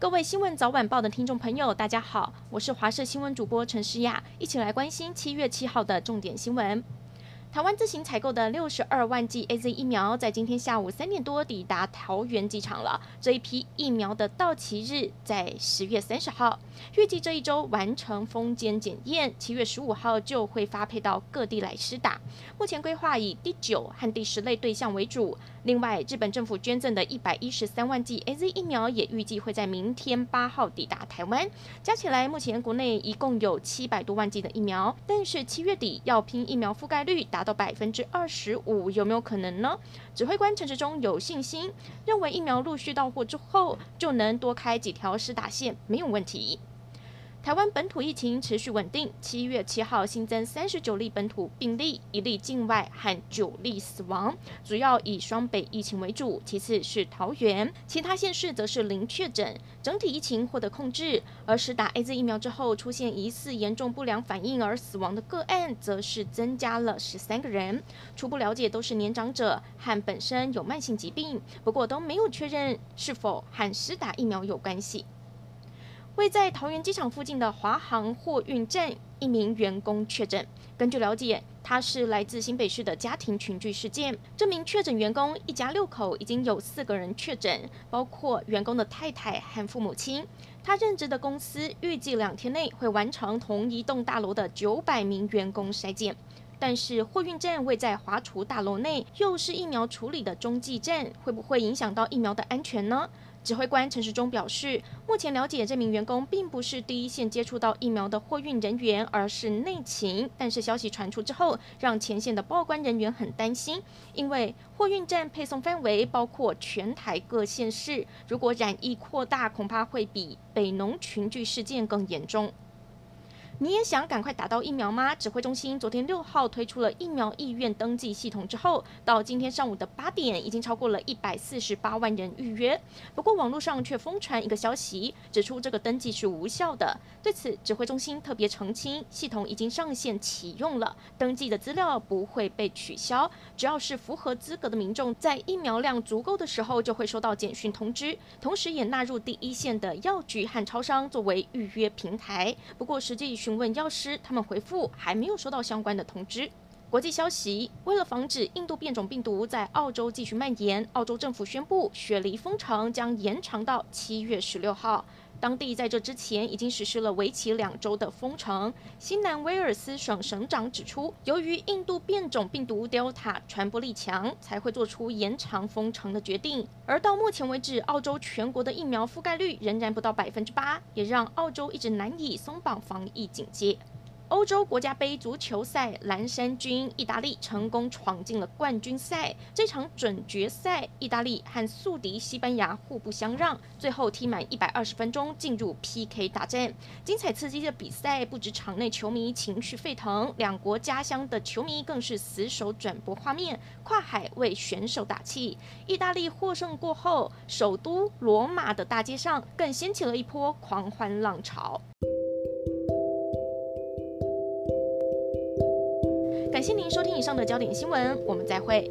各位《新聞早晚報》的聽眾朋友，大家好，我是華視新聞主播陳詩雅，一起來關心七月七號的重點新聞。台灣自行採購的六十二萬劑 A Z 疫苗，在今天下午三點多抵達桃園機場了。這一批疫苗的到期日在十月三十號，預計這一周完成封緘檢驗，七月十五號就會發配到各地來施打。目前規劃以第九和第十類對象為主。另外，日本政府捐贈的一百一十三萬劑 A Z 疫苗也預計會在明天八號抵達台灣。加起來，目前國內一共有七百多萬劑的疫苗，但是七月底要拼疫苗覆蓋率達到百分之二十五，有沒有可能呢？指揮官陳時中有信心，認為疫苗陸續到貨之後，就能多開幾條施打線，沒有問題。台灣本土疫情持續穩定，七月七號新增三十九例本土病例，一例境外和九例死亡，主要以雙北疫情為主，其次是桃園，其他縣市則是零確診，整體疫情獲得控制。而施打 AZ 疫苗之後出現疑似嚴重不良反應而死亡的個案，則是增加了十三個人，初步了解都是年長者和本身有慢性疾病，不過都沒有確認是否和施打疫苗有關係。位在桃園機場附近的華航貨運站一名員工確診。根據了解，他是來自新北市的家庭群聚事件。這名確診員工一家六口已經有四個人確診，包括員工的太太和父母親。他任職的公司預計兩天內會完成同一棟大樓的九百名員工篩檢。但是貨運站位在華儲大樓內，又是疫苗處理的中繼站，會不會影響到疫苗的安全呢？指揮官陳時中表示，目前了解這名員工並不是第一線接觸到疫苗的貨運人員，而是內勤。但是消息傳出之後，讓前線的報關人員很擔心，因為貨運站配送範圍包括全台各縣市，如果染疫擴大，恐怕會比北農群聚事件更嚴重。你也想趕快打到疫苗嗎？指揮中心昨天六號推出了疫苗意願登記系統之後，到今天上午的八點，已經超過了一百四十八萬人預約。不過網絡上卻瘋傳一個消息，指出這個登記是無效的。對此，指揮中心特別澄清，系統已經上線啟用了，登記的資料不會被取消。只要是符合資格的民眾，在疫苗量足夠的時候，就會收到簡訊通知。同時，也納入第一線的藥局和超商作為預約平台。不過實際。詢問藥師，他們回復還沒有收到相關的通知。國際消息：為了防止印度變種病毒在澳洲繼續蔓延，澳洲政府宣布雪梨封城將延長到七月十六號。當地在這之前已經實施了為期兩周的封城。新南威爾斯省省長指出，由於印度變種病毒德爾塔傳播力強，才會做出延長封城的決定。而到目前為止，澳洲全國的疫苗覆蓋率仍然不到百分之八，也讓澳洲一直難以鬆綁防疫警戒。歐洲國家杯足球賽，藍衫軍意大利成功闖進了冠軍賽。這場準決賽，意大利和宿敵西班牙互不相讓，最後踢滿一百二十分鐘，進入 PK 大戰。精彩刺激的比賽，不只場內球迷情緒沸騰，兩國家鄉的球迷更是死守轉播畫面，跨海為選手打氣。意大利獲勝過後，首都羅馬的大街上更掀起了一波狂歡浪潮。感謝您收聽以上的焦點新聞，我們再會。